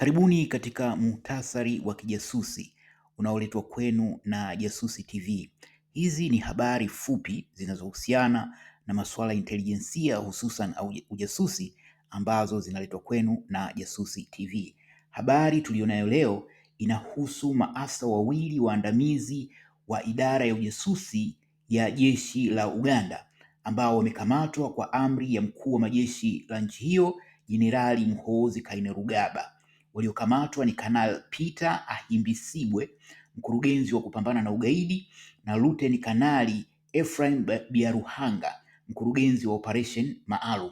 Karibuni katika muhtasari wa kijasusi unaoletwa kwenu na Jasusi TV. Hizi ni habari fupi zinazohusiana na masuala ya intelijensia hususan au ujasusi ambazo zinaletwa kwenu na Jasusi TV. Habari tuliyonayo leo inahusu maafisa wawili waandamizi wa idara ya ujasusi ya jeshi la Uganda ambao wamekamatwa kwa amri ya mkuu wa majeshi la nchi hiyo Jenerali Muhoozi Kainerugaba. Waliokamatwa ni Kanali Peter Ahimbisibwe, mkurugenzi wa kupambana na ugaidi, na Luteni Kanali Ephraim Biaruhanga, mkurugenzi wa operation maalum.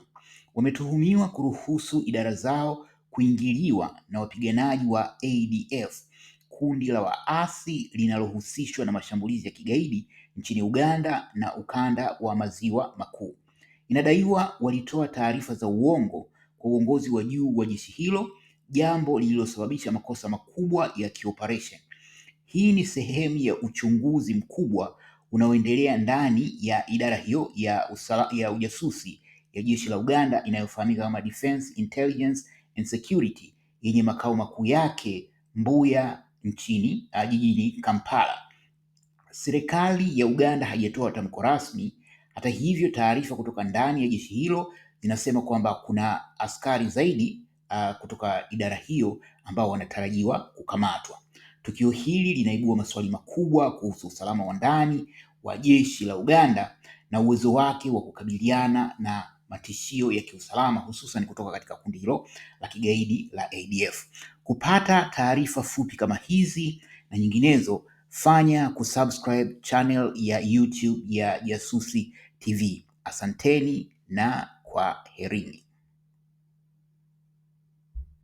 Wametuhumiwa kuruhusu idara zao kuingiliwa na wapiganaji wa ADF, kundi la waasi linalohusishwa na mashambulizi ya kigaidi nchini Uganda na ukanda wa maziwa makuu. Inadaiwa walitoa taarifa za uongo kwa uongozi wa juu wa jeshi hilo jambo lililosababisha makosa makubwa ya kioperesheni. Hii ni sehemu ya uchunguzi mkubwa unaoendelea ndani ya idara hiyo ya, usala, ya ujasusi ya jeshi la Uganda inayofahamika kama Defense Intelligence and Security yenye makao makuu yake Mbuya nchini ah, jijini Kampala. Serikali ya Uganda haijatoa tamko rasmi. Hata hivyo, taarifa kutoka ndani ya jeshi hilo zinasema kwamba kuna askari zaidi uh, kutoka idara hiyo ambao wanatarajiwa kukamatwa. Tukio hili linaibua maswali makubwa kuhusu usalama wa ndani wa jeshi la Uganda na uwezo wake wa kukabiliana na matishio ya kiusalama hususan kutoka katika kundi hilo la kigaidi la ADF. Kupata taarifa fupi kama hizi na nyinginezo, fanya kusubscribe channel ya YouTube ya Jasusi TV. Asanteni na kwa herini.